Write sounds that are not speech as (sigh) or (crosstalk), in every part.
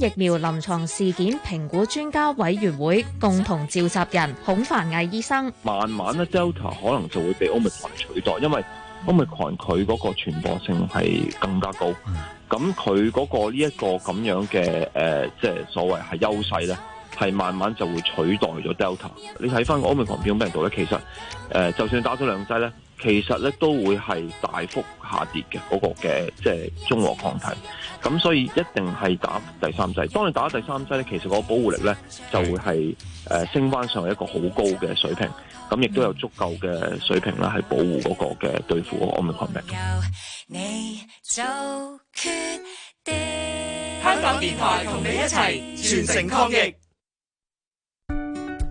疫苗臨床事件評估專家委員會共同召集人孔繁毅醫生，慢慢咧，Delta 可能就會被 Omicron 取代，因為 Omicron 佢嗰個傳播性係更加高，咁佢嗰個呢一個咁樣嘅誒，即係所謂係優勢咧。係慢慢就會取代咗 Delta。你睇翻個奧密克戎篇俾咧，其實誒就算打咗兩劑咧，其實咧都會係大幅下跌嘅嗰、嗰個嘅即係中和抗體。咁所以一定係打第三劑。當你打咗第三劑咧，其實個保護力咧就會係誒、呃、升翻上去一個好高嘅水平。咁亦都有足夠嘅水平啦，係保護嗰個嘅對付嗰個奧密克戎。香港電台同你一齊全城抗疫。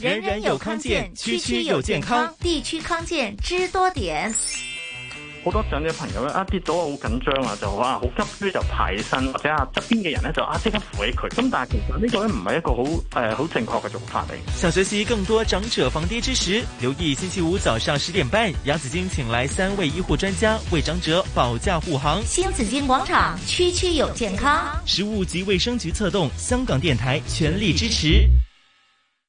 人人有康健，區區有健康，區區有健康，地區康健知多點。好多長者朋友咧啊跌倒啊好緊張啊就哇好急，所以就爬起身或者旁的啊側邊嘅人咧就啊即刻扶起佢。咁但係其實呢個咧唔係一個好誒好正確嘅做法嚟。想學習更多長者防跌知識，留意星期五早上十點半，楊子矜請來三位醫護專家為長者保駕護航。新紫荊廣場，區區有健康，食物及衛生局策動，香港電台全力支持。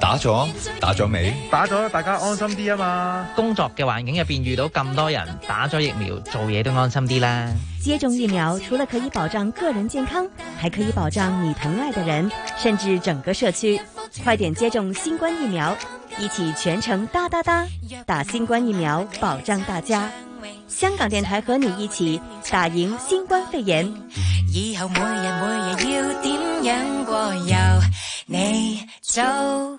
打咗打咗未？打咗，大家安心啲啊嘛！工作嘅環境入邊遇到咁多人打咗疫苗，做嘢都安心啲啦。接種疫苗除了可以保障個人健康，還可以保障你疼愛的人，甚至整個社區。快點接種新冠疫苗，一起全程噠噠噠打新冠疫苗，保障大家。香港電台和你一起打贏新冠肺炎。以後每日每日要點樣過悠？你就……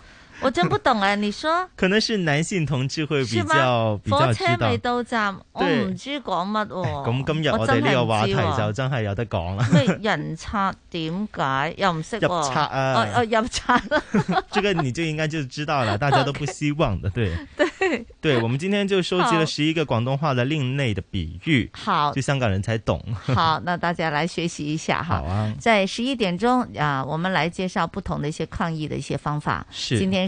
我真不懂啊！你說，可能是男性同志會比較比較火車未到站，我唔知講乜喎。咁今日我哋呢個話題就真係有得講啦。人拆？點解又唔識？入拆啊！哦哦，入拆。這個你就應該就知道了，大家都不希望的，對對對。我們今天就收集了十一個廣東話的另類的比喻，好，就香港人才懂。好，那大家來學習一下哈。好啊，在十一點鐘啊，我們來介紹不同的一些抗疫的一些方法。是，今天。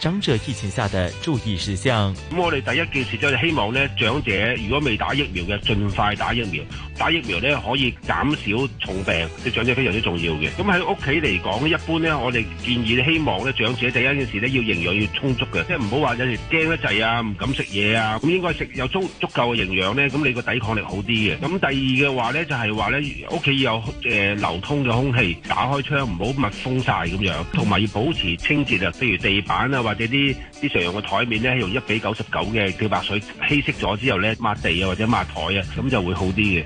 長者疫情下的注意事項。咁我哋第一件事就係希望咧，長者如果未打疫苗嘅，盡快打疫苗。打疫苗咧可以減少重病，對長者非常之重要嘅。咁喺屋企嚟講，一般咧我哋建議希望咧長者第一件事咧要營養要充足嘅，即係唔好話有時驚得滯啊，唔敢食嘢啊。咁應該食有足足夠嘅營養咧，咁你個抵抗力好啲嘅。咁第二嘅話咧就係話咧屋企要有誒、呃、流通嘅空氣，打開窗唔好密封晒咁樣，同埋要保持清潔啊，譬如地板啊或者啲啲常用嘅台面咧，用一比九十九嘅漂白水稀釋咗之後咧，抹地啊或者抹台啊，咁就會好啲嘅。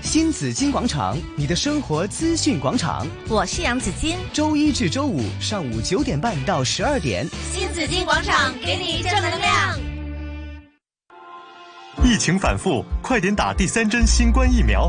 新紫荊廣場，你的生活資訊廣場，我是楊子矜。周一至周五上午九點半到十二點，新紫荊廣場給你正能量。疫情反覆，快點打第三針新冠疫苗。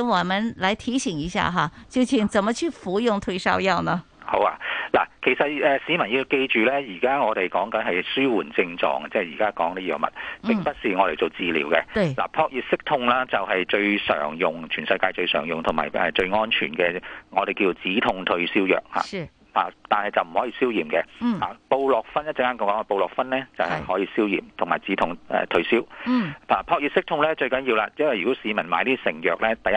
我們來提醒一下哈，究竟怎麼去服用退燒藥呢？好啊，嗱，其實誒，市民要記住咧，而家我哋講緊係舒緩症狀，即係而家講啲藥物，並不是我哋做治療嘅。嗱、嗯，撲熱息痛啦，就係最常用，全世界最常用，同埋誒最安全嘅，我哋叫做止痛退燒藥吓。是啊！但係就唔可以消炎嘅。嗯、啊，布洛芬一陣間講話布洛芬咧是就係可以消炎同埋止痛誒、呃、退燒。嗯。啊，撲熱息痛咧最緊要啦，因為如果市民買啲成藥咧，第一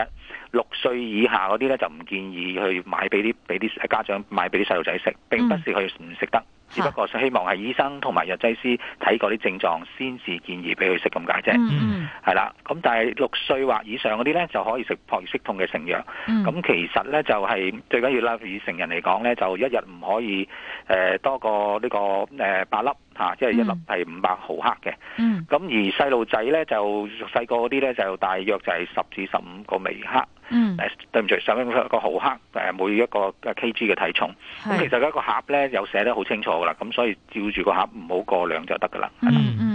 六歲以下嗰啲咧就唔建議去買俾啲俾啲家長買俾啲細路仔食，並不是佢唔食得。嗯只不過希望係醫生同埋藥劑師睇過啲症狀，先至建議俾佢食咁解啫。係、hmm. 啦，咁但係六歲或以上嗰啲咧，就可以食撲熱息痛嘅成藥。咁、mm hmm. 其實咧就係最緊要啦，以成人嚟講咧，就一日唔可以誒多過呢個誒八粒。嚇、啊，即係一粒係五百毫克嘅，咁、嗯、而細路仔咧就細個啲咧就大約就係十至十五個微克，誒、嗯欸、對唔住，十蚊一個毫克誒每一個嘅 Kg 嘅體重，咁是其實一個盒咧有寫得好清楚噶啦，咁所以照住個盒唔好過量就得噶啦。嗯嗯。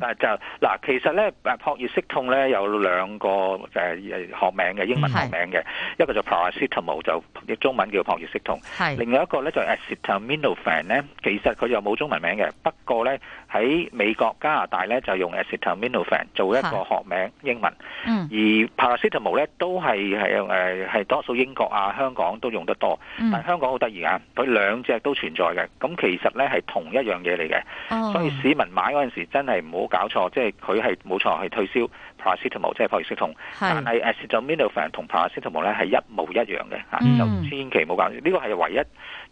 但係、啊、就嗱，其實咧，誒，撲熱息痛咧有兩個、呃、學名嘅英文學名嘅。是一個就 paracetamol 就中文叫撲熱息痛。是另外一個咧就 acetaminophen 咧，其實佢又冇中文名嘅，不過咧，喺美國、加拿大咧就用 acetaminophen 做一個學名英文，而 paracetamol 咧都係係用誒係多數英國啊香港都用得多，但香港好得意啊，佢兩隻都存在嘅，咁其實咧係同一樣嘢嚟嘅，所以市民買嗰陣時真係唔好搞錯，即係佢係冇錯係退燒 paracetamol 即係撲熱息痛，但係 acetaminophen 同 paracetamol 咧係一模一樣嘅，就千祈唔好搞錯，呢個係唯一。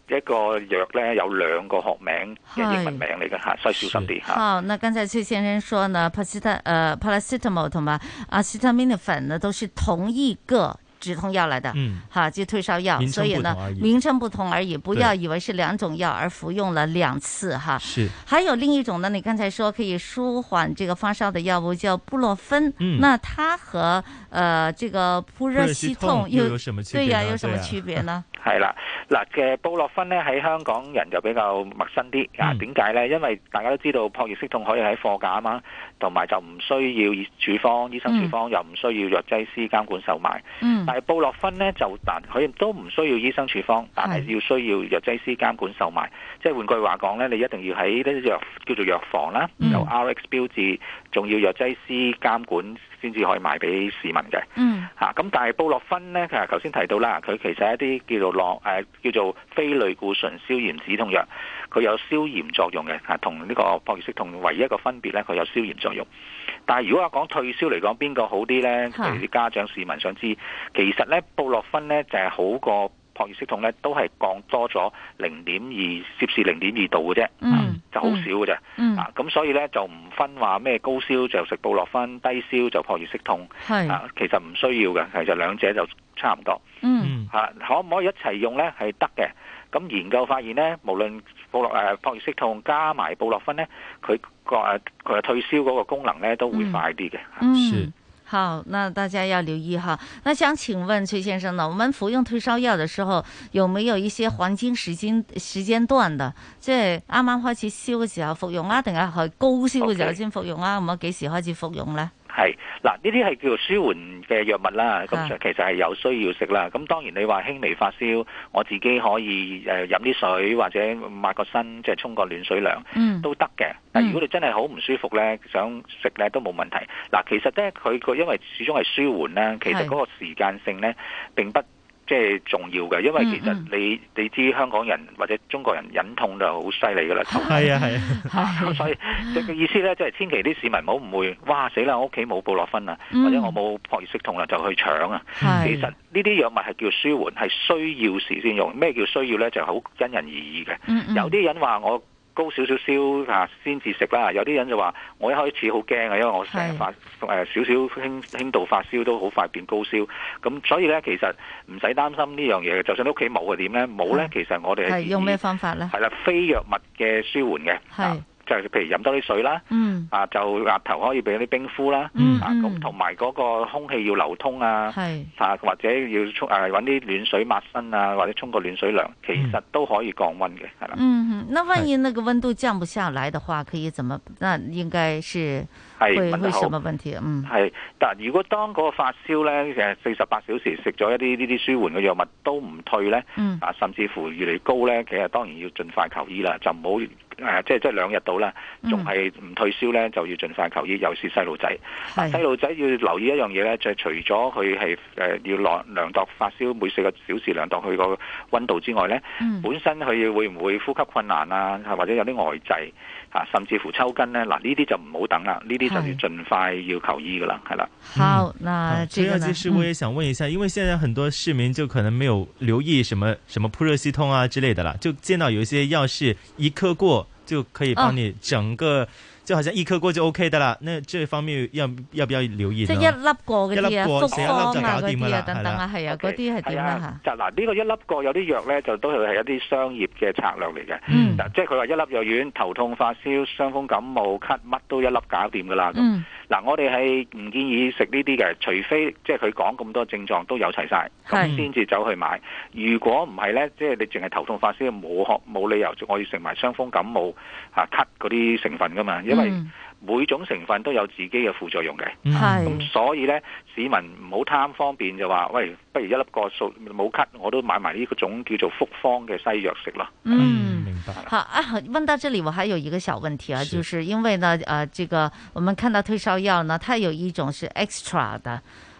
一個藥咧有兩個學名嘅英文名嚟嘅嚇，所以小心啲嚇。是啊、好，那剛才崔先生說呢，paracetum 誒 paracetamol 同埋 acetaminophen 呢，都是同一個止痛藥來的，嚇，即退燒藥，所以呢名稱不同而已，不要以為是兩種藥對而服用了兩次嚇。啊、是，還有另一種呢？你剛才說可以舒緩這個發燒的藥物叫布洛芬，嗯、那它和。誒、呃，這個撲熱息痛又對呀？有什麼區別呢？係啦，嗱嘅布洛芬咧喺香港人就比較陌生啲。啊，點解呢？因為大家都知道撲熱息痛可以喺貨架啊嘛，同埋就唔需要處方，醫生處方又唔需要藥劑師監管售賣。嗯。但係布洛芬呢，就但可以都唔需要醫生處方，但係要需要藥劑師監管售賣。即係換句話講呢，你一定要喺呢啲藥叫做藥房啦，嗯、有 RX 標誌，仲要藥劑師監管。先至可以賣俾市民嘅，嚇咁、嗯啊。但係布洛芬咧，佢頭先提到啦，佢其實一啲叫做洛誒、啊、叫做非類固醇消炎止痛藥，佢有消炎作用嘅，嚇、啊、同呢、這個撲熱息痛同唯一一個分別咧，佢有消炎作用。但係如果我講退燒嚟講，邊個好啲咧？譬如啲家長市民想知，其實咧布洛芬咧就係、是、好過。撲熱息痛咧都係降多咗零點二，攝氏零點二度嘅啫，就好少嘅啫。啊，咁所以咧就唔分話咩高燒就食布洛芬，低燒就撲熱息痛。係，其實唔需要嘅，其實兩者就差唔多。嗯，吓可唔可以一齊用咧？係得嘅。咁研究發現咧，無論布洛誒、撲熱息痛加埋布洛芬咧，佢個誒佢嘅退燒嗰個功能咧都會快啲嘅。嗯。是。好，那大家要留意哈。那想請問崔先生呢？我們服用退燒藥的時候，有沒有一些黃金時間、嗯、時間段的？即係啱啱開始燒嘅時候服用啊，定係喺高燒嘅時候先服用啊？咁啊，幾時開始服用咧？係嗱，呢啲係叫做舒緩嘅藥物啦，咁其實係有需要食啦。咁當然你話輕微發燒，我自己可以誒飲啲水或者抹個身，即係沖個暖水涼，都得嘅。但如果你真係好唔舒服咧，想食咧都冇問題。嗱，其實咧佢個因為始終係舒緩啦，其實嗰個時間性咧，並不。即係重要嘅，因為其實你你知香港人或者中國人忍痛就好犀利噶啦。係啊係啊，咁所以即嘅意思咧，即係千祈啲市民唔好唔會，哇死啦！我屋企冇布洛芬啊，嗯、或者我冇撲熱息痛啊，就去搶啊。嗯、其實呢啲藥物係叫舒緩，係需要時先用。咩叫需要咧？就好因人而異嘅。嗯、有啲人話我。高少少燒吓先至食啦。有啲人就話：我一開始好驚呀，因為我成日發是少少輕,輕度發燒都好快變高燒。咁所以咧，其實唔使擔心呢樣嘢嘅。就算屋企冇嘅點咧，冇咧，其實我哋係用咩方法咧？係啦，非藥物嘅舒緩嘅。譬如飲多啲水啦，嗯、啊就額頭可以俾啲冰敷啦，咁同埋嗰個空氣要流通啊，嗯、啊或者要沖啊搵啲暖水抹身啊，或者沖個暖水涼，其實都可以降溫嘅，係啦。嗯，那萬一那個溫度降不下來的話，可以怎麼？那應該是。係問得好，嗯，係，但如果當嗰個發燒咧，誒，四十八小時食咗一啲呢啲舒緩嘅藥物都唔退咧，啊、嗯，甚至乎越嚟越高咧，其實當然要盡快求醫啦，就唔好誒，即係即係兩日到啦，仲係唔退燒咧，就要盡快求醫。尤其是細路仔，細路仔要留意一樣嘢咧，就係、是、除咗佢係誒要量量度發燒，每四個小時量度佢個溫度之外咧，嗯、本身佢會唔會呼吸困難啊，或者有啲呆滯？啊，甚至乎抽筋呢，嗱呢啲就唔好等啦，呢啲就要盡快要求醫噶啦，係啦是。的好，那這二件事，其實我也想問一下，因為現在很多市民就可能沒有留意什麼、嗯、什麼撲熱息痛啊之類的啦，就見到有一些藥是一刻過就可以幫你整個、啊。即係好似一粒過就 OK 得啦，呢呢方面要要唔要留意？即係一粒過嘅，一粒複方啊嗰啲啊等等啊，係啊，嗰啲係點啊吓？嗱，呢個一粒過有啲藥咧，就都係係一啲商業嘅策略嚟嘅。嗱，即係佢話一粒藥丸，頭痛發燒、傷風感冒、咳，乜都一粒搞掂噶啦。嗱，我哋係唔建議食呢啲嘅，除非即係佢講咁多症狀都有齊晒，咁先至走去買。如果唔係咧，即係你淨係頭痛發燒，冇可冇理由我要食埋傷風感冒啊咳嗰啲成分噶嘛。因為每種成分都有自己嘅副作用嘅，咁、嗯、所以咧，是市民唔好貪方便就話，喂，不如一粒個數冇咳，cut, 我都買埋呢個種叫做複方嘅西藥食咯。嗯，明白。好啊，問到這裏，我還有一個小問題啊，是就是因為呢，誒、呃，這個我們看到退燒藥呢，它有一種是 extra 的，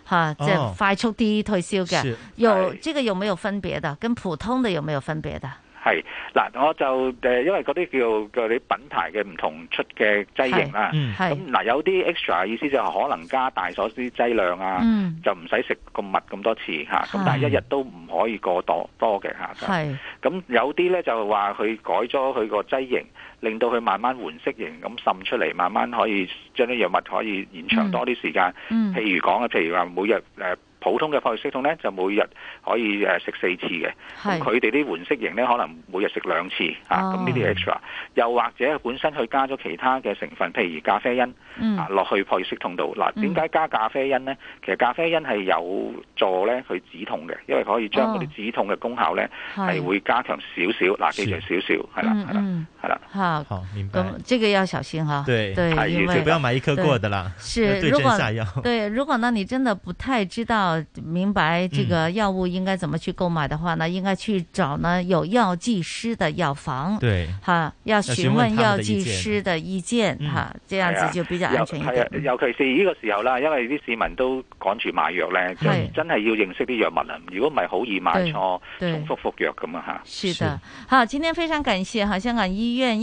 啊哦、即係快速啲退燒嘅，是有是這個有沒有分別的？跟普通的有沒有分別的？係嗱，我就誒，因為嗰啲叫嘅啲品牌嘅唔同出嘅劑型啦，咁嗱，有啲 extra 意思就係可能加大咗啲劑量啊，嗯、就唔使食咁密咁多次嚇，咁是、啊、但係一日都唔可以過多多嘅嚇。咁、啊、是有啲咧就話佢改咗佢個劑型，令到佢慢慢緩釋型咁滲出嚟，慢慢可以將啲藥物可以延長多啲時間、嗯嗯。譬如講啊，譬如話每日誒。呃普通嘅撲熱息痛咧，就每日可以食四次嘅。咁佢哋啲緩釋型咧，可能每日食兩次、哦、啊。咁呢啲 extra，又或者本身佢加咗其他嘅成分，譬如咖啡因、嗯、啊落去撲熱息痛度。嗱、啊，點解加咖啡因咧？嗯、其實咖啡因係有助咧去止痛嘅，因為可以將嗰啲止痛嘅功效咧係、哦、會加強少少，嗱是，記住少少係啦，啦、嗯嗯，啦。好，明白，這個要小心哈。對，對，就不要買一顆過的啦。是，如果對，如果呢，你真的不太知道明白這個藥物應該怎麼去購買的話呢，應該去找呢，有藥劑師的藥房。對，哈，要詢問藥劑師的意見哈，這樣子就比較安全一點。尤其是呢個時候啦，因為啲市民都趕住買藥咧，就真係要認識啲藥物啊。如果唔係好易買錯，重複服藥咁啊吓。是的，好，今天非常感謝哈，香港醫院。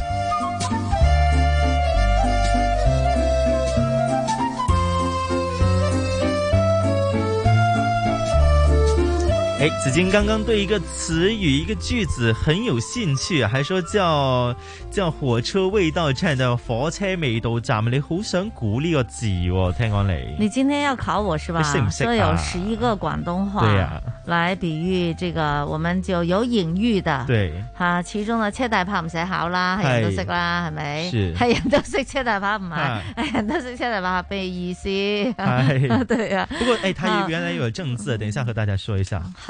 哎，子矜剛剛對一個詞語，是是是一個句子很有興趣，啊，還說叫叫火車未到站的火車沒到站，你好想估呢個字？聽講你，你今天要考我是吧？你識唔識？有十一個廣東話對，啊，對呀，來比喻這個，我們就有隱喻的，對哈，啊。其中的車大炮唔使考啦，係人都識啦，係咪？是，係人都識車大炮唔係，係人都識車大炮咩意思？哎，對啊，不過哎，他原來有正字，等一下和大家說一下。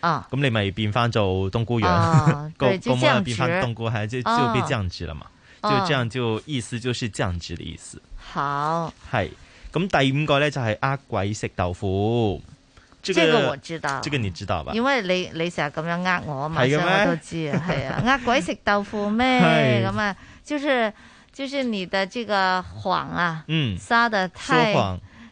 啊！咁你咪變翻做冬菇樣，個個變翻冬菇，係就就被降職了嘛？就這樣就意思就是降職的意思。好，係咁第五個咧就係呃鬼食豆腐，這個我知道，這個你知道吧？因為你你成日咁樣呃我嘛，所以我都知啊，係啊，呃鬼食豆腐咩咁啊？就是就是你的這個謊啊，嗯，撒得太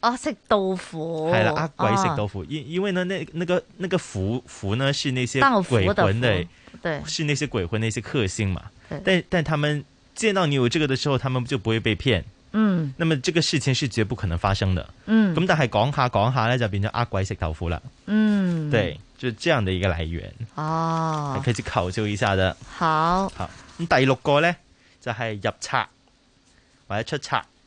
啊！食豆腐，係啦，呃鬼食豆腐，因因為呢，那那個那個符符呢，是那些鬼魂的，對，是那些鬼魂那些克星嘛。但但他們見到你有這個的時候，他們就不會被騙。嗯，那麼這個事情是絕不可能發生的。嗯，咁但係講下講下咧，就變咗呃鬼食豆腐啦。嗯，對，就這樣的一個來源。哦，你可以去考究一下的。好，好，咁第六個咧就係入冊或者出冊。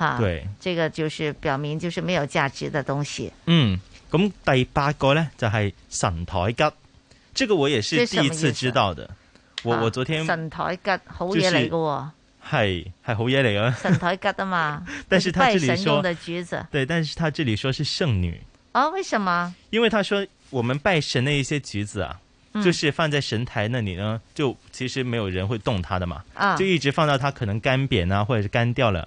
哈，對，這個就是表明就是沒有價值的東西。嗯，咁第八個呢，就係神台橘，這個我也是第一次知道的。我我昨天神台橘好嘢嚟噶，係係好嘢嚟啊！神台橘啊嘛，但是他這裏說的橘子，對，但是他這裏說是聖女啊？為什麼？因為他說我們拜神的一些橘子啊，就是放在神台那裏呢，就其實沒有人會動它的嘛，啊，就一直放到它可能乾扁啊，或者是乾掉了。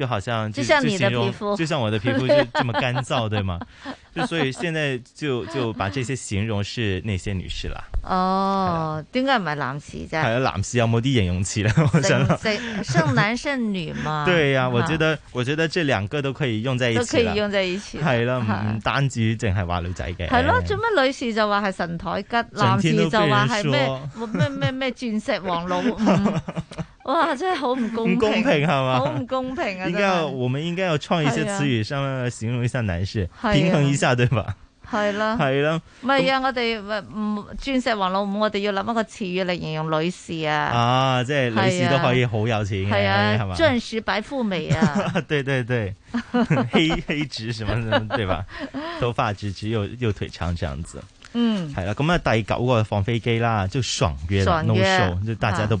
就好像就像你的皮膚，就像我的皮膚就這麼乾燥，對嗎？所以現在就就把這些形容是那些女士啦。哦，點解唔係男士啫？係啊，男士有冇啲形容詞咧？我想，剩剩男剩女嘛？對呀，我覺得我覺得這兩個都可以用在一起。都可以用在一起，係啦，唔單止淨係話女仔嘅。係咯，做乜女士就話係神台吉，男士就話係咩咩咩咩鑽石王老哇！真係好唔公平，好唔公平啊！應該，我們應該要創一些詞語，上面嚟形容一下男士，平衡一下，對吧？係啦，係啦。咪啊！我哋唔鑽石王老五，我哋要諗一個詞語嚟形容女士啊！啊，即係女士都可以好有錢嘅，係咪？鑽石白富美啊！對對對，黑黑直什麼什麼，對吧？頭髮直直又又腿長，這樣子。嗯，係啦。咁啊，第九個放飛機啦，就爽約，no show，就大家都。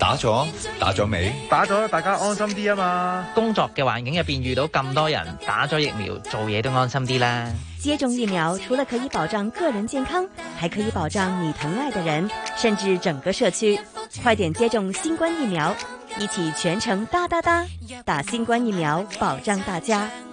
打咗，打咗未？打咗，大家安心啲啊嘛！工作嘅環境入邊遇到咁多人打咗疫苗，做嘢都安心啲啦。接種疫苗除了可以保障個人健康，還可以保障你疼愛的人，甚至整個社區。快點接種新冠疫苗，一起全程噠噠噠打新冠疫苗，保障大家。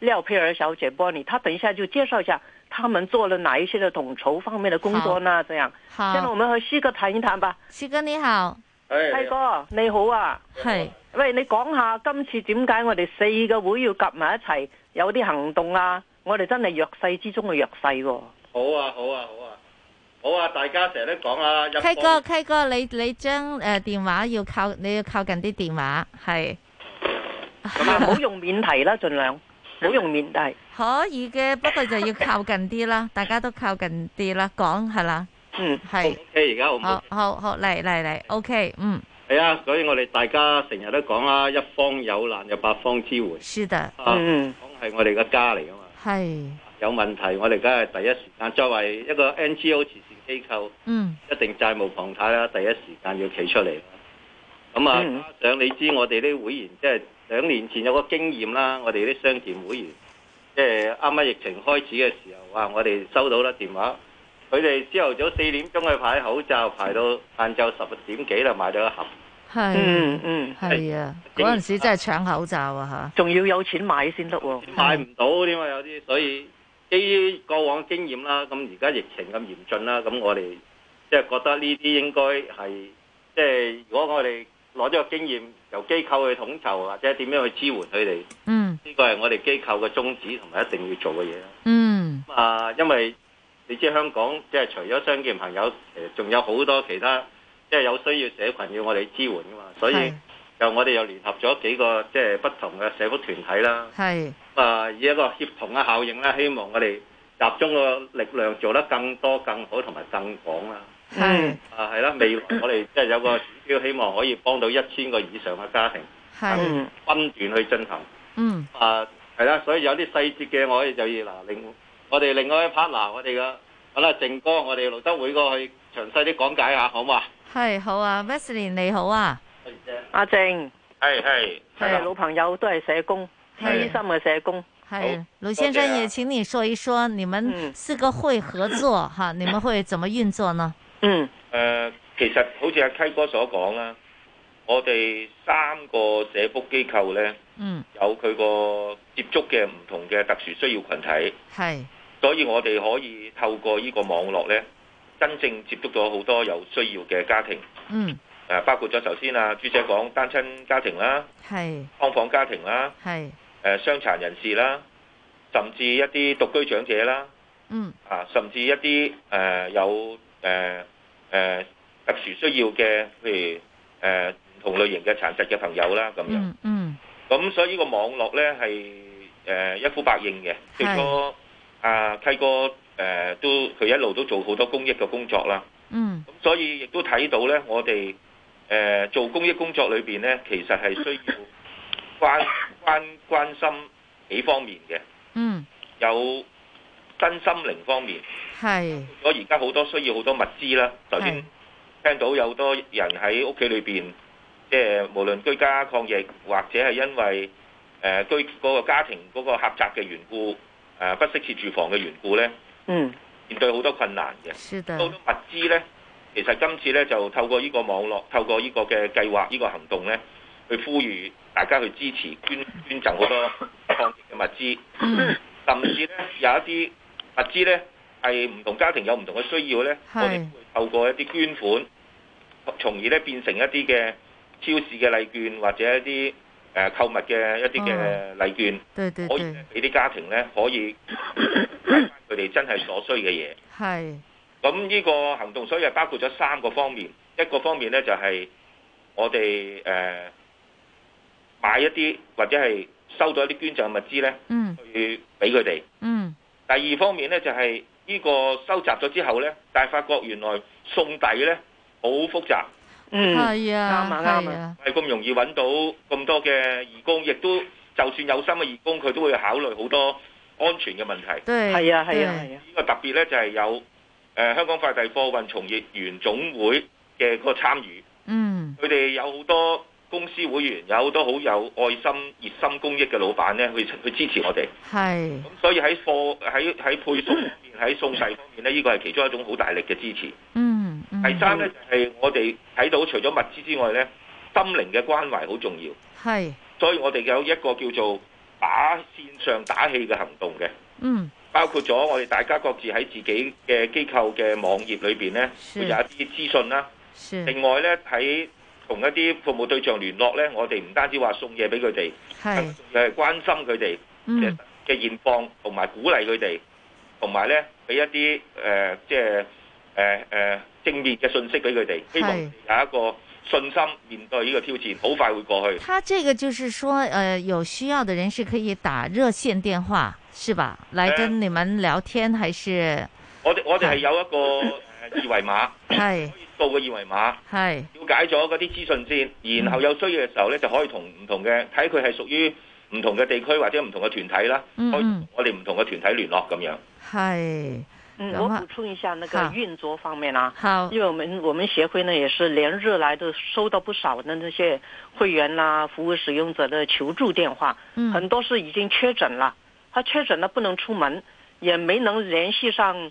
廖佩兒小姐幫你，她等一下就介紹一下，他們做了哪一些的統籌方面的工作呢？這樣，好，現在我們和溪哥談一談吧。溪哥你好，哎、hey，溪哥你好啊，係，hey. 喂，你講下今次點解我哋四個會要夾埋一齊有啲行動啊？我哋真係弱勢之中嘅弱勢、啊。好啊，好啊，好啊，好啊，大家成日都講啊。溪哥，溪哥，你你將誒電話要靠你要靠近啲電話，係，咁啊，唔好用免提啦，盡量。好用面大可以嘅，不過就要靠近啲啦， (laughs) 大家都靠近啲啦，講係啦。是嗯，係是。O K，而家好唔好？好好，嚟嚟嚟。O、okay, K，嗯。係啊，所以我哋大家成日都講啦、啊，一方有難有八方支援。是的。啊、嗯。係我哋嘅家嚟噶嘛。係是。有問題，我哋而家係第一時間，作為一個 N G O 慈善機構，嗯，一定責無旁貸啦，第一時間要企出嚟啦。咁啊，嗯、想你知我哋啲會員即係。兩年前有個經驗啦，我哋啲傷健會員，即係啱啱疫情開始嘅時候，哇！我哋收到咧電話，佢哋朝頭早四點鐘去排口罩，排到晏晝十點幾啦，買到一盒。係，嗯嗯，係啊，嗰陣時真係搶口罩啊嚇，仲要有錢買先得喎，買唔到點啊，有啲，所以基於過往經驗啦，咁而家疫情咁嚴峻啦，咁我哋即係覺得呢啲應該係，即係如果我哋攞咗個經驗。由機構去統籌或者點樣去支援佢哋，呢個係我哋機構嘅宗旨同埋一定要做嘅嘢啦。嗯，啊，因為你知香港即係除咗商界朋友，仲有好多其他即係有需要社群要我哋支援噶嘛，所以是就我哋又聯合咗幾個即係不同嘅社會團體啦。係是，啊以一個協同嘅效應啦，希望我哋集中個力量，做得更多、更好同埋更廣啦。嗯，啊係啦，未來我哋即係有個指標，希望可以幫到一千個以上嘅家庭，咁分段去進行。嗯，啊係啦，所以有啲細節嘅，我哋就要嗱，另我哋另外一 partner，我哋嘅好啦，靜哥，我哋勞德會過去詳細啲講解下，好嘛？係好啊，Wesley 你好啊，阿靜，係係係老朋友，都係社工，資深嘅社工。係，盧先生也請你說一說，你們四個會合作哈，你們會怎麼運作呢？嗯，誒、呃，其實好似阿溪哥所講啦，我哋三個社福機構呢，嗯，有佢個接觸嘅唔同嘅特殊需要群體，係是，所以我哋可以透過呢個網絡呢，真正接觸到好多有需要嘅家庭，嗯，誒，包括咗頭先啊，朱姐講單親家庭啦，係是，劏房，房家庭啦，係是，誒、呃，傷殘人士啦，甚至一啲獨居長者啦，嗯，啊，甚至一啲誒、呃、有誒誒、呃呃、特殊需要嘅，譬如誒唔、呃、同類型嘅殘疾嘅朋友啦，咁樣嗯。嗯。咁所以呢個網絡咧係誒一呼百應嘅。係。最初阿溪哥誒、呃、都佢一路都做好多公益嘅工作啦。嗯。咁所以亦都睇到咧，我哋誒、呃、做公益工作裏邊咧，其實係需要關關關心幾方面嘅。嗯。有。身心靈方面，係是，我而家好多需要好多物資啦。頭先是聽到有多人喺屋企裏邊，即、就、係、是、無論居家抗疫或者係因為誒、呃、居嗰、那個家庭嗰個狹窄嘅緣故，誒、呃、不適切住房嘅緣故咧，嗯，面對好多困難嘅，好的多物資咧，其實今次咧就透過呢個網絡，透過呢個嘅計劃，呢個行動咧，去呼籲大家去支持捐捐贈好多抗疫嘅物資，甚至咧有一啲。物資呢係唔同家庭有唔同嘅需要呢是我哋會透過一啲捐款，從而呢變成一啲嘅超市嘅禮券或者一啲誒購物嘅一啲嘅禮券，哦、對對對可以俾啲家庭呢可以佢哋對真係所需嘅嘢。係咁呢個行動，所以係包括咗三個方面，一個方面呢，就係我哋誒買一啲或者係收到一啲捐贈物資呢嗯，去俾佢哋，嗯。第二方面咧就係、是、呢個收集咗之後咧，但係發覺原來送遞咧好複雜。嗯，係啊，啱啊，啱啊，係咁、啊、容易揾到咁多嘅義工，亦都就算有心嘅義工，佢都會考慮好多安全嘅問題。都係啊係啊係啊！呢、啊啊啊、個特別咧就係、是、有誒、呃、香港快遞貨運從業員總會嘅個參與。嗯，佢哋有好多。公司會員有好多好有愛心、熱心公益嘅老闆咧，去去支持我哋。係是，咁、嗯、所以喺貨喺喺配送喺送遞方面呢依、這個係其中一種好大力嘅支持。嗯。嗯第三呢，就係、是、我哋睇到除咗物資之外呢，心靈嘅關懷好重要。係是。所以我哋有一個叫做打線上打氣嘅行動嘅。嗯。包括咗我哋大家各自喺自己嘅機構嘅網頁裏邊呢，會是有一啲資訊啦。是另外呢，喺同一啲服務對象聯絡咧，我哋唔單止話送嘢俾佢哋，係誒是關心佢哋嘅嘅現況，同埋、嗯、鼓勵佢哋，同埋咧俾一啲誒即係誒誒正面嘅信息俾佢哋，希望有一個信心面對呢個挑戰，好是快會過去。他這個就是說，誒、呃、有需要的人士可以打熱線電話，是吧？來跟你們聊天，呃、還是我哋我哋係有一個是、呃、二維碼。係。掃個二維碼，係是了解咗嗰啲資訊先，然後有需要嘅時候咧就可以同唔同嘅睇佢係屬於唔同嘅地區或者唔同嘅團體啦，嗯嗯可以同我哋唔同嘅團體聯絡咁樣。係，嗯，我補充一下那個運作方面啦、啊，因為我們我們協會呢也是連日來都收到不少的那些會員啦、啊、服務使用者的求助電話，嗯、很多是已經確診啦，他確診了不能出門，也沒能聯繫上。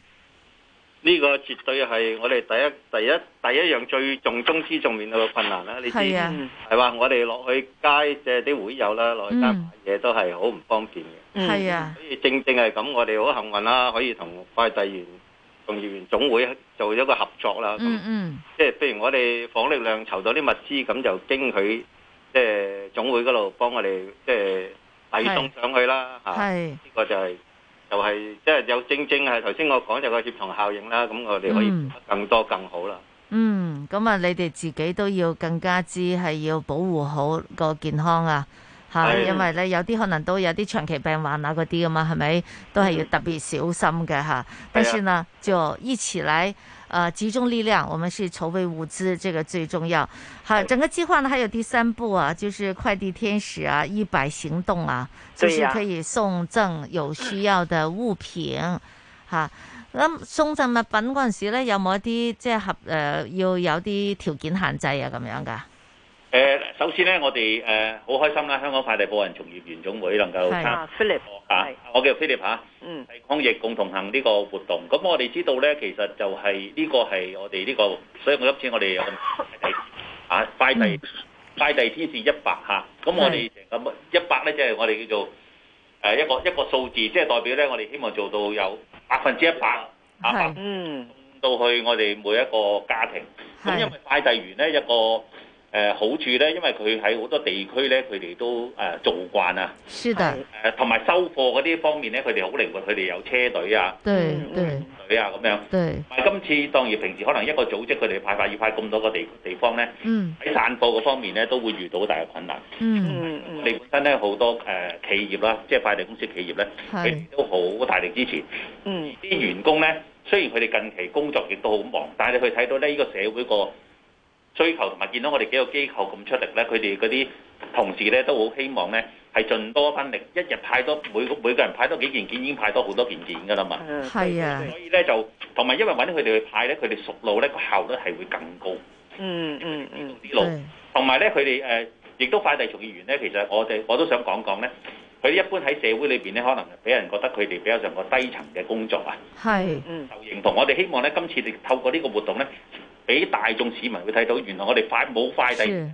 呢個絕對係我哋第一第一第一樣最重中之重面對嘅困難啦，啊！你知係啊，係嘛？我哋落去街即係啲會友啦，落去街買嘢、嗯、都係好唔方便嘅。係啊，嗯，所以正正係咁，我哋好幸運啦，啊，可以同快遞員、同業員總會做咗個合作啦。嗯嗯，那嗯即係譬如我哋房力量籌到啲物資，咁就經佢即係總會嗰度幫我哋即係遞送上去啦。係，呢個就係，是。就係即係有正正係，頭先我講就個協同效應啦，咁我哋可以更多更好啦、嗯。嗯，咁啊，你哋自己都要更加之係要保護好個健康啊！吓，因為咧有啲可能都有啲長期病患啊，嗰啲㗎嘛，係咪？都係要特別小心嘅吓。但是呢，就一齊嚟，誒、呃，集中力量，我們是籌備物資，這個最重要。吓，整個計劃呢，還有第三步啊，就是快遞天使啊，一百行動啊，就是可以送贈有需要的物品。吓、啊，咁送贈物品嗰陣時咧，有冇一啲即係合誒要有啲、呃、條件限制啊？咁樣噶？誒，首先咧，我哋誒好開心啦！香港快遞貨運從業員總會能夠參加啊，的我叫 Philip 吓，嗯，抗疫共同行呢個活動。咁我哋知道咧，其實就係呢個係我哋呢、這個，所以我今次我哋有咁啊、嗯，快遞快遞天綫一百吓。咁我哋咁一百咧，即係我哋叫做誒一個一個數字，即、就、係、是、代表咧，我哋希望做到有百分之一百吓，嗯、啊，到去我哋每一個家庭。咁因為快遞員咧一個。誒、呃、好處咧，因為佢喺好多地區咧，佢哋都誒、呃、做慣啊。是的。同埋、啊、收貨嗰啲方面咧，佢哋好靈活，佢哋有車隊啊。對對。隊啊咁樣。對，今次當然平時可能一個組織佢哋派發要派咁多個地地方咧，嗯，喺散貨嗰方面咧都會遇到大嘅困難。嗯嗯嗯。你本身咧好多、呃、企業啦，即、就、係、是、快遞公司企業咧，佢哋是都好大力支持。嗯、嗯。啲員工咧，雖然佢哋近期工作亦都好忙，但係你去睇到咧呢、這個社會個。追求同埋見到我哋幾個機構咁出力咧，佢哋嗰啲同事咧都好希望咧，係盡多分力，一日派多每個每個人派多幾件件已經派多好多件件噶啦嘛。係啊，所以咧就同埋因為揾佢哋去派咧，佢哋熟路咧個效率係會更高。嗯嗯嗯。啲路同埋咧，佢哋誒亦都快遞從業員咧，其實我哋我都想講講咧，佢一般喺社會裏邊咧，可能俾人覺得佢哋比較上個低層嘅工作啊。係是。嗯。就認同，我哋希望咧今次透過呢個活動咧。俾大眾市民會睇到，原來我哋快冇快遞。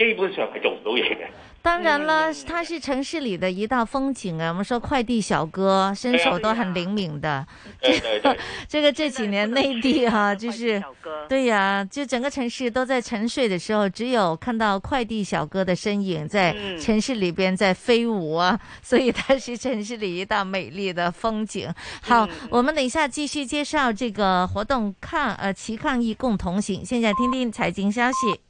基本上是做唔到嘢嘅。嗯嗯、當然啦，它是城市裏的一道風景啊！我們說快遞小哥，身手都很靈敏的。哎、對對對這個、這個、這幾年內地哈、啊，就是對呀、啊，就整個城市都在沉睡的時候，只有看到快遞小哥的身影在城市裏邊在飛舞啊，嗯、所以它是城市裏一道美麗的風景。好，嗯、我們等一下繼續介紹這個活動抗呃齊抗疫共同行。現在聽聽財經消息。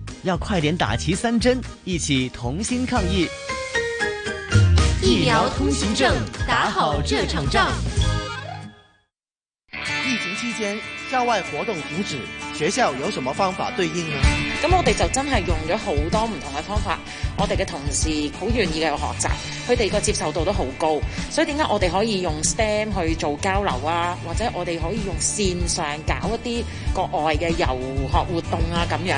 要快點打齊三針，一起同心抗疫。疫苗通行證，打好這場仗。疫情期間，校外活動停止，學校有什麼方法對應呢？咁我哋就真係用咗好多唔同嘅方法。我哋嘅同事好願意嘅學習，佢哋個接受度都好高。所以點解我哋可以用 STEM 去做交流啊？或者我哋可以用線上搞一啲國外嘅遊學活動啊？咁樣。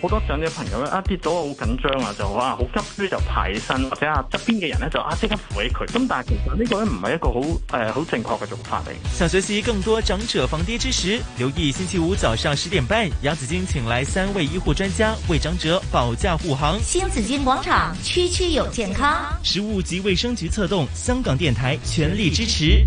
好多長者朋友咧啊跌咗，好緊張啊，就啊好急於就排身，或者啊側邊嘅人咧就啊即刻扶起佢。咁但係其實呢個咧唔係一個好誒好正確嘅做法嚟。想學習更多長者防跌知識，留意星期五早上十點半，楊子矜請來三位醫護專家為長者保駕護航。新紫荊廣場區區有健康，食物及衛生局策動，香港電台全力支持。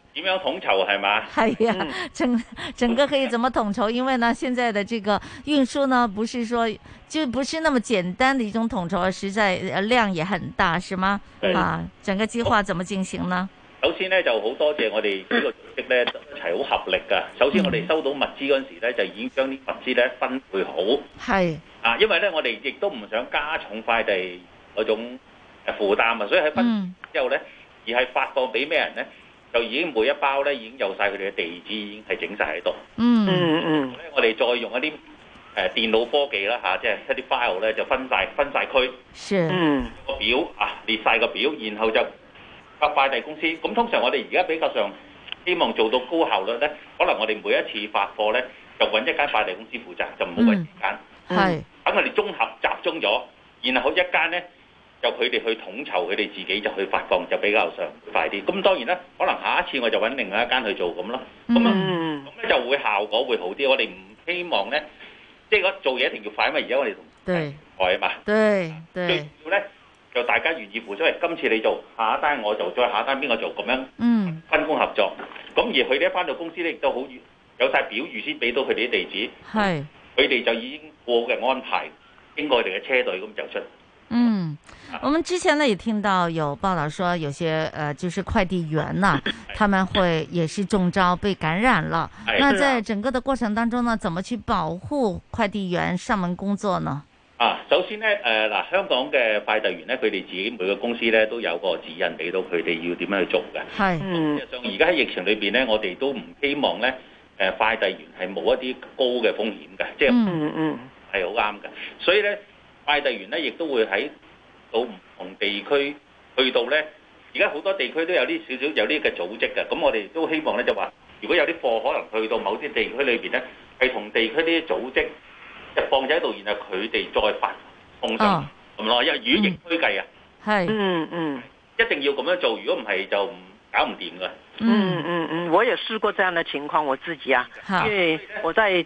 點樣統籌係嘛？係啊，整整個可以怎麼統籌？因為呢，現在的這個運輸呢，不是說就不是那麼簡單的一種統籌，實在量也很大，是嗎？是的啊，整個計劃怎麼進行呢？首先呢就好多謝我哋呢個組織咧一齊好合力噶。首先我哋收到物資嗰陣時咧，就已經將啲物資咧分配好。係是啊，因為咧我哋亦都唔想加重快遞嗰種負擔啊，所以喺分之後咧，嗯、而係發放俾咩人咧？就已經每一包咧已經有晒佢哋嘅地址，已經係整晒喺度。嗯嗯嗯。咁咧，我哋再用一啲誒、呃、電腦科技啦嚇，即係一啲 file 咧就分晒分曬區。Sure. 嗯。個表啊，列晒個表，然後就發快遞公司。咁通常我哋而家比較上希望做到高效率咧，可能我哋每一次發貨咧就揾一間快遞公司負責，mm hmm. 就唔好揾幾間。等佢哋綜合集中咗，然後一間咧。由佢哋去統籌，佢哋自己就去發放，就比較上快啲。咁當然啦，可能下一次我就揾另外一間去做咁咯。咁啊，咁咧、嗯、就會效果會好啲。我哋唔希望咧，即係我做嘢一定要快，因為而家我哋同外啊對嘛。對對，對最重要咧就大家願意付出。今次你做下一單我做，我就再下一單，邊個做咁樣分工合作。咁、嗯、而佢哋一翻到公司咧，亦都好有晒表預先俾到佢哋啲地址，係佢哋就已經過好嘅安排，經過佢哋嘅車隊咁就出。嗯，我們之前呢也聽到有報道說，有些呃就是快遞員呢、啊， (laughs) 他們會也是中招被感染了。 (laughs) 那在整個的過程當中呢，怎麼去保護快遞員上門工作呢？啊，首先呢誒嗱、呃，香港嘅快遞員咧，佢哋自己每個公司咧都有個指引俾到佢哋要點樣去做嘅。係，嗯。而家喺疫情裏邊咧，我哋都唔希望咧，誒、呃、快遞員係冇一啲高嘅風險嘅，即、就、係、是，嗯嗯，係好啱嘅。所以呢。快遞員咧，亦都會喺到唔同地區去到咧。而家好多地區都有啲少少有呢個組織嘅。咁我哋都希望咧就話，如果有啲貨可能去到某啲地區裏邊咧，係同地區啲組織就放咗喺度，然後佢哋再發送，係咪啊？因為遠疫區計啊，係，嗯嗯，一定要咁樣做，如果唔係就搞唔掂㗎。嗯嗯嗯，我也試過這樣的情況，我自己啊，因為好我在。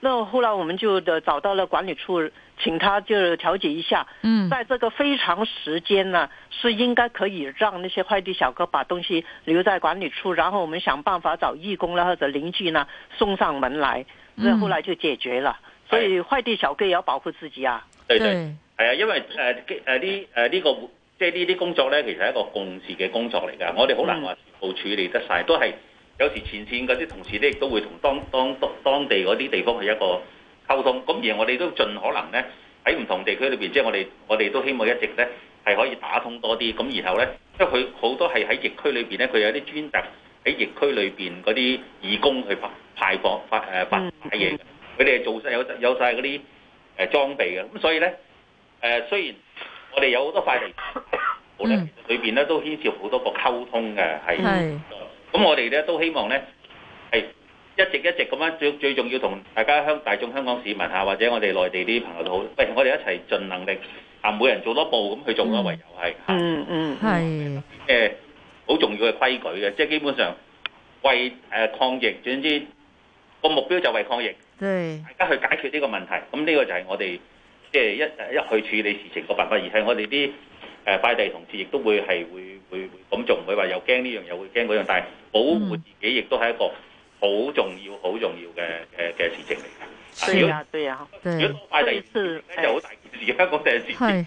那後來我們就找到了管理處，請他就調解一下。嗯，在這個非常時間呢，是應該可以讓那些快遞小哥把東西留在管理處，然後我們想辦法找義工啦，或者鄰居呢送上門來。所、嗯、那後來就解決了。所以快遞小哥也要保護自己啊。對對，係啊，因為誒，呢、呃，誒、呃這個即係呢啲工作呢，其實係一個共事嘅工作嚟㗎。我哋好難話全部處理得晒，都係。有時前線嗰啲同事咧，亦都會同當當當當地嗰啲地方係一個溝通。咁而我哋都盡可能咧，喺唔同地區裏邊，即係我哋我哋都希望一直咧係可以打通多啲。咁然後咧，因為佢好多係喺疫區裏邊咧，佢有啲專特喺疫區裏邊嗰啲義工去派派貨發誒發嘢，佢哋係做晒有有曬嗰啲誒裝備嘅。咁所以咧誒、呃，雖然我哋有好多快遞，好咧、嗯，其實裏邊咧都牽涉好多個溝通嘅係。咁我哋咧都希望咧係一直一直咁樣，最最重要同大家香大眾香港市民啊，或者我哋內地啲朋友都好，喂，我哋一齊盡能力啊，每人做多步咁去做咯。唯有係，嗯嗯係，誒好重要嘅規矩嘅，即係基本上為誒抗疫，總之個目標就為抗疫，對，大家去解決呢個問題，咁呢個就係我哋即係一一去處理事情個辦法，而係我哋啲。誒，快遞、啊、同事亦都會係會會咁做，唔會話又驚呢樣又會驚嗰樣，但係保護自己亦都係一個好重要好、嗯、重要嘅嘅嘅事情嚟嘅。所以啊，對啊，如果多快遞咧就好大件事，香港講嘅事情。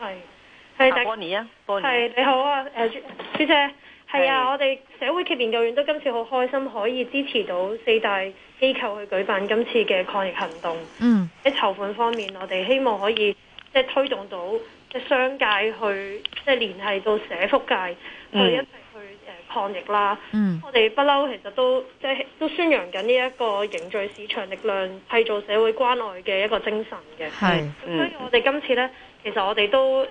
係係 Bonny 係你好啊，誒、呃，小姐，係啊，是我哋社會企業研究院都今次好開心可以支持到四大機構去舉辦今次嘅抗疫行動。嗯，喺籌款方面，我哋希望可以即係推動到即商界去，即係聯繫到社福界去、嗯、一齊去誒、呃、抗疫啦。嗯，我哋不嬲，其實都即係都宣揚緊呢一個凝聚市場力量、締造社會關愛嘅一個精神嘅。係是，所以我哋今次咧。嗯其實我哋都誒，uh,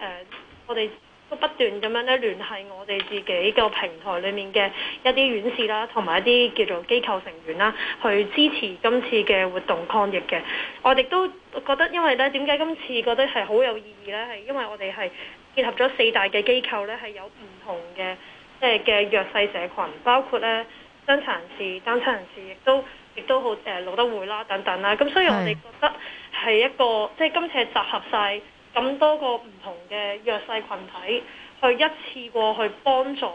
我哋都不斷咁樣咧聯繫我哋自己個平台裡面嘅一啲院士啦，同埋一啲叫做機構成員啦，去支持今次嘅活動抗疫嘅。我哋都覺得，因為咧點解今次覺得係好有意義咧？係因為我哋係結合咗四大嘅機構咧，係有唔同嘅即係嘅弱勢社群，包括咧傷殘人士、單親人士，亦都亦都好誒、呃、老德會啦等等啦。咁所以我哋覺得係一個是即係今次係集合晒。咁多個唔同嘅弱勢群體，去一次過去幫助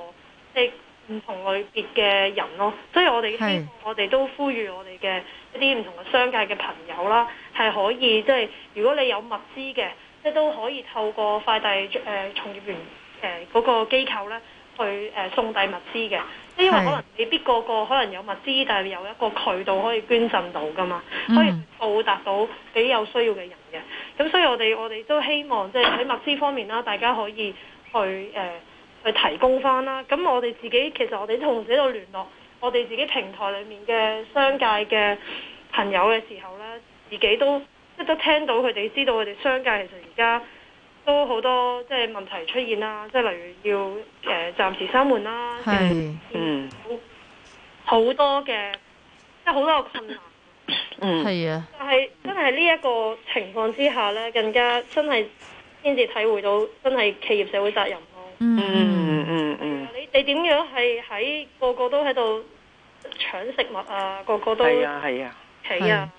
即係唔同類別嘅人咯，所以我哋希望我哋都呼籲我哋嘅一啲唔同嘅商界嘅朋友啦，係可以即係如果你有物資嘅，即係都可以透過快遞誒從業員誒嗰個機構咧去誒、呃、送遞物資嘅。因為可能未必個個可能有物資，但係有一個渠道可以捐贈到㗎嘛，嗯、可以到達到俾有需要嘅人嘅。咁所以我哋我哋都希望即係喺物資方面啦，大家可以去、呃、去提供翻啦。咁我哋自己其實我哋同時喺度聯絡，我哋自己平台裏面嘅商界嘅朋友嘅時候咧，自己都即都聽到佢哋知道佢哋商界其實而家，都好多即係問題出現啦，即係例如要誒、呃、暫時閂門啦，是嗯，好多嘅即係好多困難，嗯，係啊，但係真係呢一個情況之下咧，更加真係先至體會到真係企業社會責任咯，嗯嗯嗯你你點樣係喺個個都喺度搶食物啊，個個都係啊係啊係啊。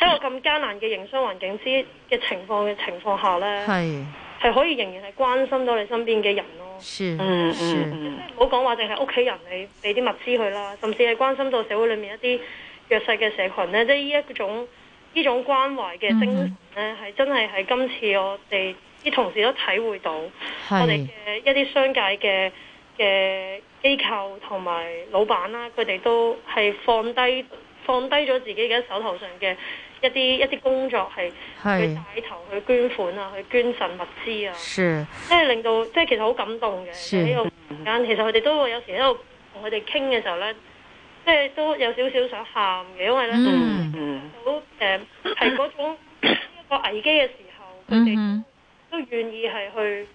喺個咁艱難嘅營商環境之嘅情況嘅情況下呢係係是可以仍然係關心到你身邊嘅人咯。嗯嗯是嗯，唔好講話淨係屋企人，你俾啲物資佢啦，甚至係關心到社會裏面一啲弱勢嘅社群呢，即係呢一種呢種關懷嘅精神呢，係是是真係喺今次我哋啲同事都體會到，我哋嘅一啲商界嘅嘅是機構同埋老闆啦，佢哋都係放低放低咗自己嘅手頭上嘅。一啲一啲工作係去帶頭是去捐款啊，去捐贈物資啊是，即係令到即係其實好感動嘅喺度。間是其實佢哋都會有時喺度同佢哋傾嘅時候咧，即係都有少少想喊嘅，因為咧、嗯、都誒係嗰種 (coughs) 個危機嘅時候，佢哋都，都願意係去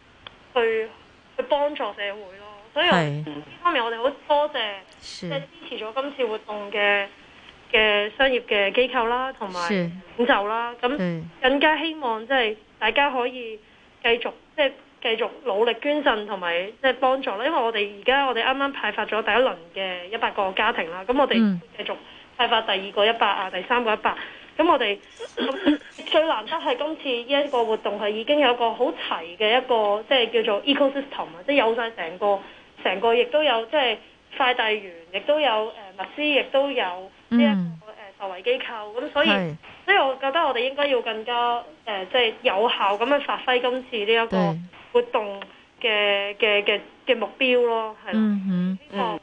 去去幫助社會咯。所以呢是方面我哋好多謝即係是支持咗今次活動嘅。嘅商業嘅機構啦，同埋領袖啦，咁是更加希望即係大家可以繼續即係繼續努力捐贈同埋即係幫助啦。因為我哋而家我哋啱啱派發咗第一輪嘅一百個家庭啦，咁我哋繼續派發第二個一百啊，第三個一百。咁我哋 (laughs) (laughs) 最難得係今次呢一個活動係已經有一個好齊嘅一個即係叫做 ecosystem，即係有晒成個成個，亦都有即係快遞員，亦都有誒物資，亦都有。呢一、嗯這個誒、呃、受惠機構，咁所以，是所以我覺得我哋應該要更加誒，即、呃、係、就是、有效咁樣發揮今次呢一個活動嘅嘅嘅嘅目標咯，係希望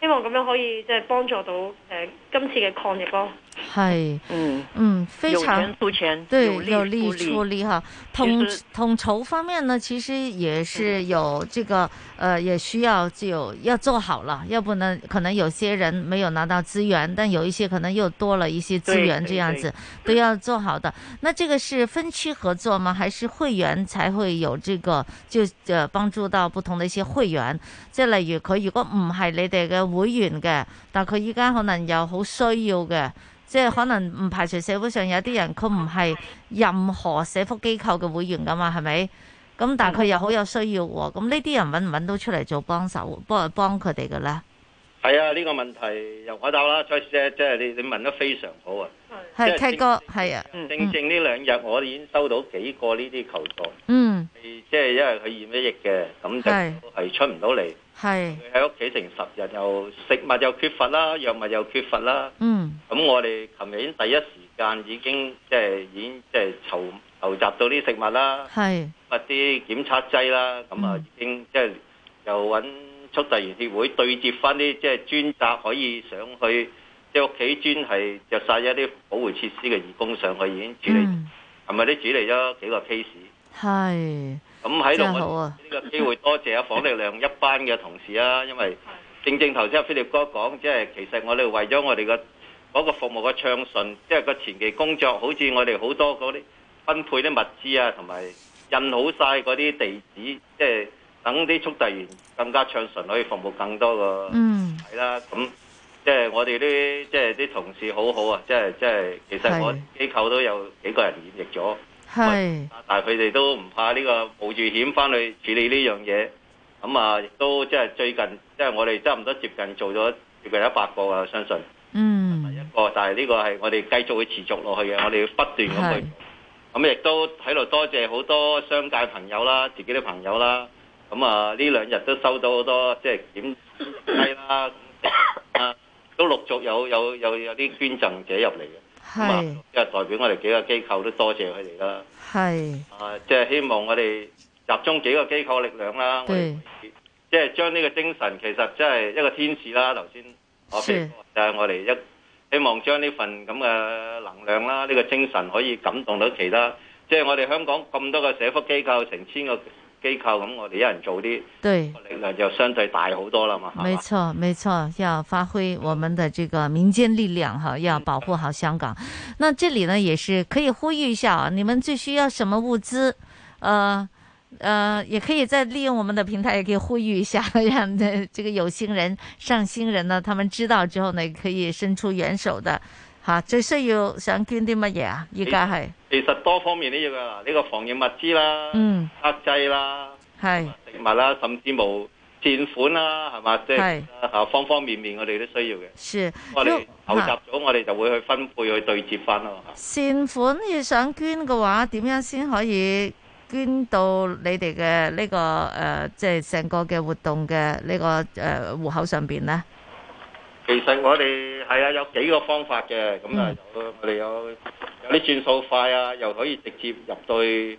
希望咁樣可以即係幫助到誒、呃、今次嘅抗疫咯。係，Hi, 嗯嗯，非常，出錢，對，有力出力哈，統統是籌方面呢，其實也是有這個，呃，也需要就要做好了、嗯、要不呢，可能有些人沒有拿到資源，但有一些可能又多了一些資源，這樣子都要做好的。對那這個是分區合作嗎？還是會員才會有這個就，呃，幫助到不同的一些會員？即係例如如果唔係你哋嘅會員嘅，但佢依家可能又好需要嘅。即係可能唔排除社會上有啲人佢唔係任何社福機構嘅會員噶嘛係，係咪？咁但係佢又好有需要喎。咁呢啲人揾唔揾到出嚟做幫手，幫幫佢哋嘅咧？係啊，呢個問題又我答啦。蔡小姐，即係你你問得非常好啊是。係，k 係契哥係啊。正正呢兩日我哋已經收到幾個呢啲求助。嗯。即係、嗯、因為佢染咗疫嘅，咁就係出唔到嚟。係。喺屋企成十日，又食物又缺乏啦，藥物又缺乏啦。嗯。咁我哋琴日已經第一時間已經即係已經即係籌籌集到啲食物啦，係是，啲檢測劑啦，咁啊、嗯、已經即係又揾速遞員協會對接翻啲即係專責可以上去，即係屋企專係着晒一啲保護設施嘅義工上去已經處理了，係咪、嗯、都處理咗幾個 case？係。咁喺度，呢、啊、個機會多謝阿房力量一班嘅同事啊， (laughs) 因為正正頭先阿 Philip 哥講，即、就、係、是、其實我哋為咗我哋個。嗰個服務嘅暢順，即係個前期工作，好似我哋好多嗰啲分配啲物資啊，同埋印好晒嗰啲地址，即係等啲速遞員更加暢順可以服務更多個係啦。咁、嗯、即係我哋啲即係啲同事好好啊！即係即係其實我機構都有幾個人演繹咗，係但係佢哋都唔怕呢個冒住險翻去處理呢樣嘢。咁啊，亦都即係最近即係我哋差唔多接近做咗接近一百個啊！相信嗯。哦，但係呢個係我哋繼續會持續落去嘅，我哋要不斷咁去做。咁亦是、嗯、都喺度多謝好多商界朋友啦，自己啲朋友啦。咁、嗯、啊，呢兩日都收到好多即係、就是、檢測劑啦， (laughs) 啊都陸續有有有有啲捐贈者入嚟嘅，咁是、嗯、啊即係代表我哋幾個機構都多謝佢哋啦。係是啊，即、就、係、是、希望我哋集中幾個機構力量啦，即係將呢個精神其實即係一個天使啦。頭先我哋是就係我哋一。希望將呢份咁嘅能量啦，呢個精神可以感動到其他，即係我哋香港咁多個社福機構，成千個機構咁，我哋一人做啲，對力量就相對大好多啦嘛。沒錯，吧沒錯，要發揮我們的這個民間力量，哈，要保護好香港。的那這裏呢，也是可以呼籲一下，你們最需要什麼物資？呃。呃，也可以再利用我們的平台，也可以呼籲一下，讓這個有心人、上心人呢，他們知道之後呢，可以伸出援手的。吓、啊，最需要想捐啲乜嘢啊？依家係其實多方面都要噶，呢、這個防疫物資啦，嗯，藥劑啦，係是食物啦，甚至冇善款啦，係嘛，即係吓方方面面，我哋都需要嘅。是，我哋籌集咗，我哋就會去分配、啊、去對接翻咯。善款要想捐嘅話，點樣先可以？捐到你哋嘅呢個誒，即係成個嘅活動嘅呢、這個誒戶、呃、口上邊咧？其實我哋係啊，有幾個方法嘅，咁啊，嗯、我哋有有啲轉數快啊，又可以直接入對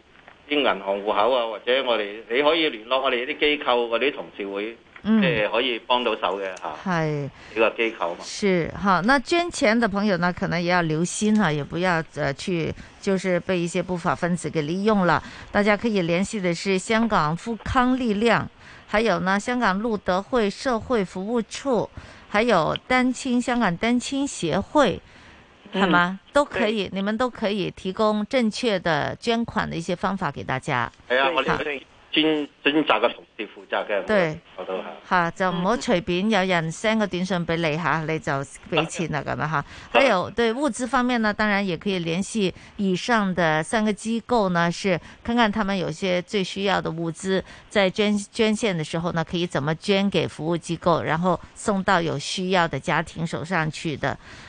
啲銀行戶口啊，或者我哋你可以聯絡我哋啲機構，我哋啲同事會。嗯，可以幫到手嘅吓，啊，係呢是個機構嘛。是，好，那捐錢的朋友呢，可能也要留心吓，啊，也不要呃去，就是被一些不法分子給利用了。大家可以聯繫的是香港康復力量，還有呢，香港路德會社會服務處，還有單親，香港單親協會，好、嗯、嗎？都可以，嗯、你們都可以提供正確的捐款的一些方法給大家。係啊，好我哋專責嘅同事負責嘅，我都係吓，就唔好隨便有人 send 個短信俾你吓，你就俾錢啦咁樣吓。還有對物資方面呢，當然也可以聯繫以上的三個機構呢，是看看他們有些最需要的物資，在捐捐，捐獻的時候呢，可以怎麼捐給服務機構，然後送到有需要的家庭手上去的。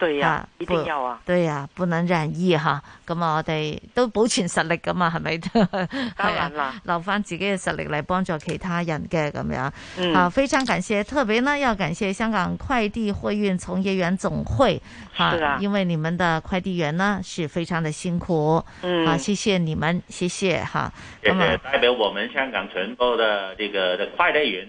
對呀、啊啊，一定要啊。對呀、啊、不能染疫哈，咁啊我哋都保存實力噶嘛係咪係啦，留返自己嘅實力嚟幫助其他人嘅咁樣。啊、嗯、非常感謝，特別呢要感謝香港快遞貨運從業員總會。對啊，啊因為你們的快遞員呢是非常的辛苦。嗯啊，謝謝你們，謝謝哈，那代表我們香港全部的這個快遞員。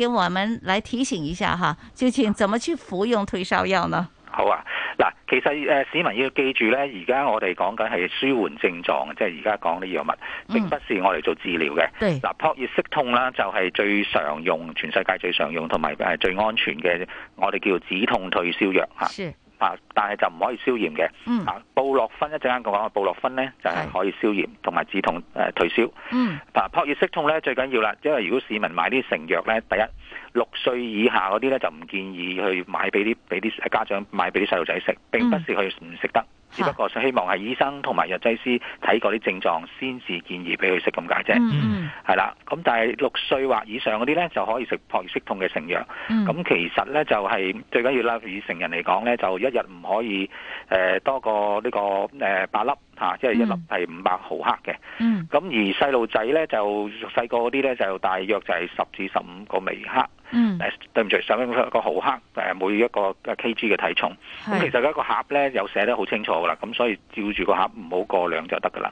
我們來提醒一下哈，究竟怎麼去服用退燒藥呢？好啊，嗱，其實誒，市民要記住咧，而家我哋講緊係舒緩症狀，即係而家講啲藥物，並不是我哋做治療嘅。嗱、嗯，撲熱息痛啦，就係最常用，全世界最常用，同埋最安全嘅，我哋叫止痛退燒藥啊。啊、但係就唔可以消炎嘅。嗯、啊，布洛芬一陣間講嘅布洛芬咧，就係、是、可以消炎同埋是的 止痛誒、呃、退燒。嗯、啊，撲熱息痛咧最緊要啦，因為如果市民買啲成藥咧，第一。六歲以下嗰啲咧，就唔建議去買俾啲俾啲家長買俾啲細路仔食，並不是佢唔食得，嗯、只不過希望係醫生同埋藥劑師睇過啲症狀先至建議俾佢食咁解啫。係啦、嗯，咁、嗯、但係六歲或以上嗰啲咧就可以食撲熱息痛嘅成藥。咁、嗯、其實咧就係最緊要啦，以成人嚟講咧，就一日唔可以誒多過呢個誒八粒。啊，即係一粒係五百毫克嘅，咁、嗯、而細路仔咧就細個啲咧就大約就係十至十五個微克，誒、嗯欸、對唔住，上一個毫克誒每一個嘅 Kg 嘅體重，咁是其實一個盒咧有寫得好清楚啦，咁所以照住個盒唔好過量就得噶啦。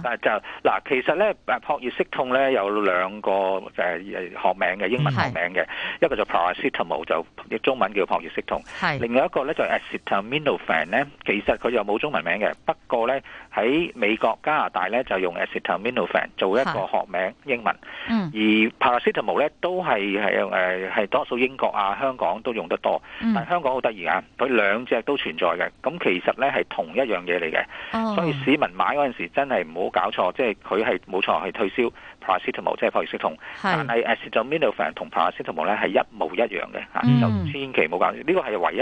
但就嗱，其實咧，誒，撲熱息痛咧有兩個學名嘅英文學名嘅，是一個就 paracetamol 就中文叫撲熱息痛，是另外一個咧就是、acetaminophen 咧，其實佢又冇中文名嘅，不過咧。喺美國、加拿大咧就用 acetaminophen 做一個學名是英文，嗯、而 paracetamol 咧都係係誒係多數英國啊、香港都用得多，嗯、但香港好得意啊，佢兩隻都存在嘅，咁其實咧係同一樣嘢嚟嘅，哦、所以市民買嗰陣時真係唔好搞錯，即係佢係冇錯係退燒 paracetamol 即係拜耳適痛，是 ol, 是 ol, 是但係 acetaminophen 同 paracetamol 咧係一模一樣嘅，嗯、就千祈唔好搞錯，呢、呢個係唯一。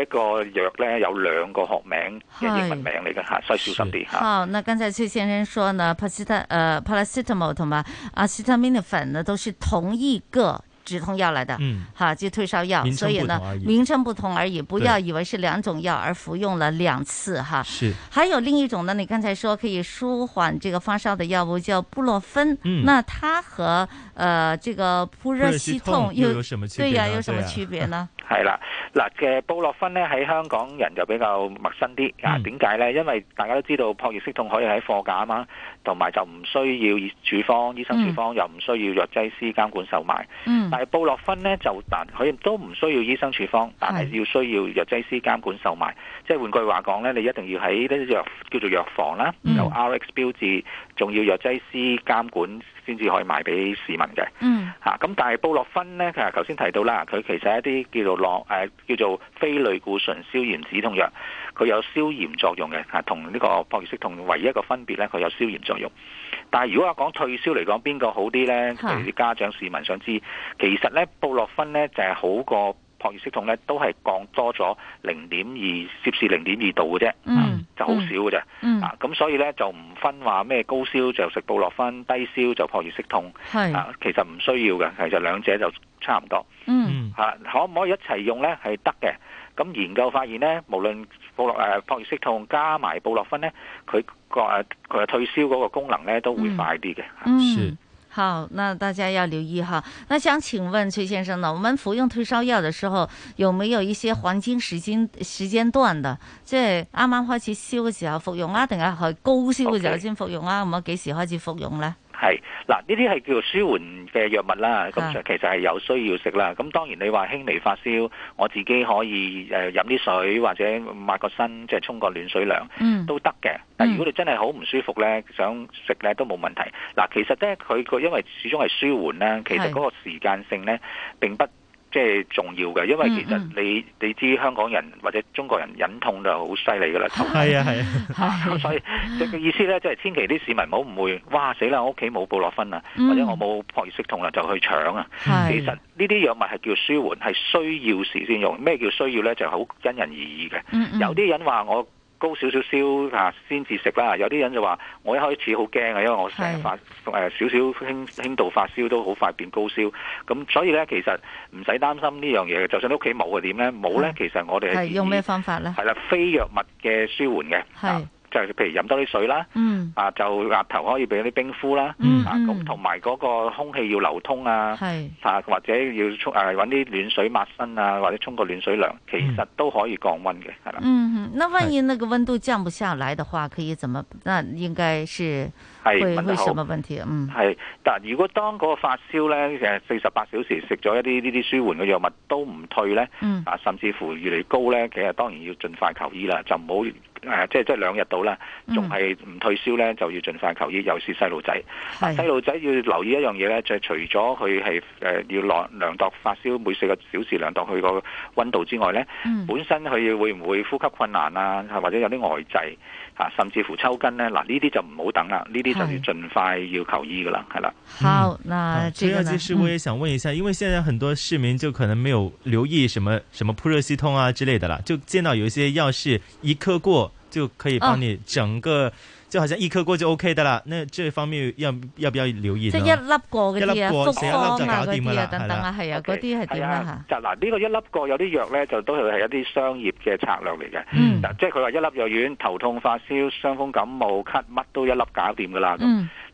一個藥咧有兩個學名，即係英文名嚟嘅吓，Hai，所以小心啲吓。是好，那剛才崔先生說呢，paracet 呃 paracetamol 同埋 acetaminophen 呢，都是同一個止痛藥嚟嘅，嗯，哈、啊，即、就、退、是、燒藥，所以呢名稱不同而已，對不要以為是兩種藥而服用了兩次哈。啊、是，還有另一種呢，你剛才說可以舒緩這個發燒的藥物叫布洛芬，嗯，那它和。誒、呃，這個撲熱息痛有對呀、啊，有什麼區別呢？係啦、嗯，嗱嘅布洛芬咧喺香港人就比較陌生啲。啊、嗯，點解呢？因為大家都知道撲熱息痛可以喺貨架啊嘛，同埋就唔需要處方、醫生處方，嗯、又唔需要藥劑師監管售賣。嗯、但係布洛芬呢，就但佢都唔需要醫生處方，但係要需要藥劑師監管售賣。即係換句話講呢，你一定要喺呢啲藥叫做藥房啦，有 RX 標誌，仲要藥劑師監管。先至可以賣俾市民嘅，嚇咁、嗯啊。但係布洛芬咧，其實頭先提到啦，佢其實一啲叫做洛、啊、叫做非類固醇消炎止痛藥，佢有消炎作用嘅，同、啊、呢、這個撲熱息痛唯一,一個分別咧，佢有消炎作用。但係如果話講退燒嚟講，邊個好啲咧？譬的如啲家長市民想知，其實咧布洛芬咧就係、是、好過。撲熱息痛咧都係降多咗零點二，攝氏零點二度嘅啫，就好少嘅啫。咁所以咧就唔分話咩高燒就食布洛芬，低燒就撲熱息痛。其實唔需要嘅，其實兩者就差唔多。嚇，可唔可以一齊用咧？係得嘅。咁研究發現咧，無論布洛誒撲熱息痛加埋布洛芬咧，佢個佢嘅退燒嗰個功能咧都會快啲嘅。好，那大家要留意哈。那想請問崔先生呢？我們服用退燒藥的時候，有沒有一些黃金時間、嗯、時間段的？即係啱啱開始燒嘅時候服用啊，等下喺高燒嘅時候先服用啊？我們幾時開始服用呢？係嗱，呢啲係叫舒緩嘅藥物啦，咁就是的 其實係有需要食啦。咁當然你話輕微發燒，我自己可以誒飲啲水或者抹個身，即係沖個暖水涼，都得嘅。嗯、但如果你真係好唔舒服咧，想食咧都冇問題。嗱，其實咧佢個因為始終係舒緩啦，其實嗰個時間性咧並不。即係重要嘅，因為其實你你知香港人或者中國人忍痛就好犀利噶啦。係啊係啊，咁所以嘅、這個、意思咧，即係千祈啲市民唔好唔會，哇死啦！我屋企冇布洛芬啊，嗯、或者我冇撲熱息痛啦就去搶啊。嗯、其實呢啲藥物係叫舒緩，係需要時先用。咩叫需要咧？就好、是、因人而異嘅。有啲人話我，高少少燒嚇，先至食啦。有啲人就話，我一開始好驚呀，因為我成日發誒是少少輕輕度發燒都好快變高燒。咁所以咧，其實唔使擔心呢樣嘢。就算屋企冇嘅點咧？冇咧，其實我哋係用咩方法咧？係啦，非藥物嘅舒緩嘅。係。就譬如飲多啲水啦，嗯、啊就額頭可以俾啲冰敷啦，咁同埋嗰個空氣要流通啊，嗯、啊或者要沖誒揾啲暖水抹身啊，或者沖個暖水涼，其實都可以降溫嘅，係啦、嗯。吧嗯，那萬一那個溫度降不下來的話，可以怎麼？那應該是。係問得好、嗯。但如果當嗰個發燒咧，誒四十八小時食咗一啲呢啲舒緩嘅藥物都唔退咧，啊、嗯、甚至乎越嚟越高咧，其實當然要盡快求醫啦，就唔好誒即係即係兩日到啦，仲係唔退燒咧，就要盡快求醫。嗯、尤其是細路仔，細路仔要留意一樣嘢咧，就係、是、除咗佢係要量量度發燒每四個小時量度佢個温度之外咧，嗯、本身佢會唔會呼吸困難啊，或者有啲呆滯？啊，甚至乎抽筋呢，嗱呢啲就唔好等啦，呢啲就要盡是快要求醫噶啦，係啦。好，那這呢件事，嗯、我也想問一下，因為現在很多市民就可能沒有留意什麼什麼撲熱息痛啊之類的啦，就見到有一些藥是一顆過就可以幫你整個、啊。即係想一粒過就 O K 得啦，呢呢方面有有唔要留意？即一粒過嘅一粒過食一粒就搞掂啦，等等啊，係啊，啲係點啊？就嗱呢個一粒過有啲藥咧，就都係係一啲商業嘅策略嚟嘅。即係佢話一粒藥丸，頭痛發燒、傷風感冒、咳，乜都一粒搞掂噶啦。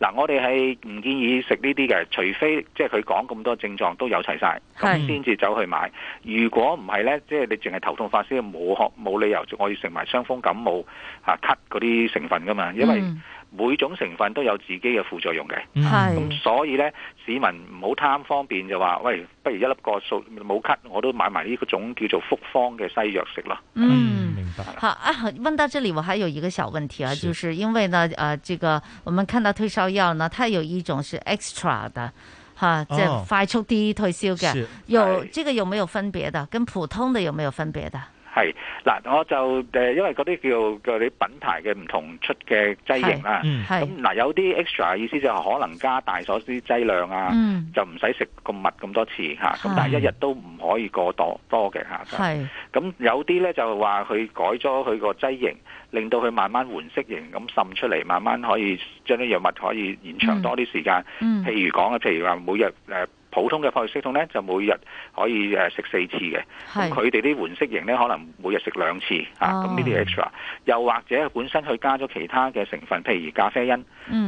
嗱，我哋係唔建議食呢啲嘅，除非即係佢講咁多症狀都有齊晒，咁先至走去買。如果唔係咧，即係你淨係頭痛發燒，冇冇理由我要食埋傷風感冒啊咳嗰啲成分噶嘛。因為每種成分都有自己嘅副作用嘅，咁所以咧，市民唔好貪方便就話，喂，不如一粒個數冇咳，沒 cut，我都買埋呢個種叫做複方嘅西藥食咯。嗯，嗯明白。好啊，問到這裏，我還有一個小問題啊，是就是因為呢，誒、呃，這個我們看到退燒藥呢，它有一種是 extra 的，哈、啊，哦、即係快速啲退燒嘅，是有是這個有沒有分別的？跟普通的有沒有分別的？係嗱，我就誒，因為嗰啲叫叫啲品牌嘅唔同出嘅劑型啦，咁嗱有啲 extra 意思就係可能加大咗啲劑量啊，嗯、就唔使食咁密咁多次嚇，咁是、啊、但係一日都唔可以過多多嘅嚇。咁、啊、是有啲咧就話佢改咗佢個劑型，令到佢慢慢緩釋型咁滲出嚟，慢慢可以將啲藥物可以延長多啲時間、嗯嗯。譬如講啊，譬如話每日誒。普通嘅撲熱息痛咧，就每日可以誒食四次嘅。佢哋啲緩釋型咧，可能每日食兩次啊。咁呢啲 extra，又或者本身佢加咗其他嘅成分，譬如咖啡因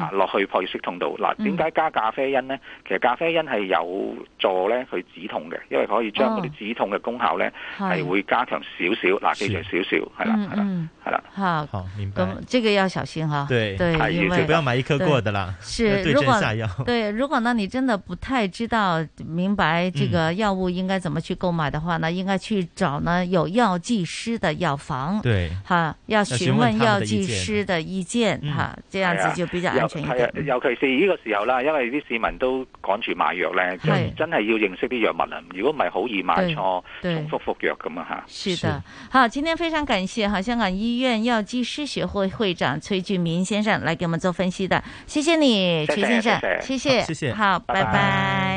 啊落去撲熱息痛度。嗱，點解加咖啡因咧？其實咖啡因係有助咧去止痛嘅，因為可以將嗰啲止痛嘅功效咧係會加強少少，嗱，記住少少，係啦，係啦，係啦。嚇，咁呢個要小心嚇。對，對。就不要買一顆過的啦。是，如果對，如果呢，你真的不太知道。明白這個藥物應該怎麼去購買的話呢，應該去找呢有藥劑師的藥房，對哈，要詢問藥劑師的意見哈，這樣子就比較安全一點。尤其是呢個時候啦，因為啲市民都趕住買藥咧，真真係要認識啲藥物啊！如果唔係，好易買錯，重複服藥咁啊！哈，是的，好，今天非常感謝哈香港醫院藥劑師學會會長崔俊明先生來給我們做分析的，謝謝你崔先生，謝謝謝謝，好，拜拜。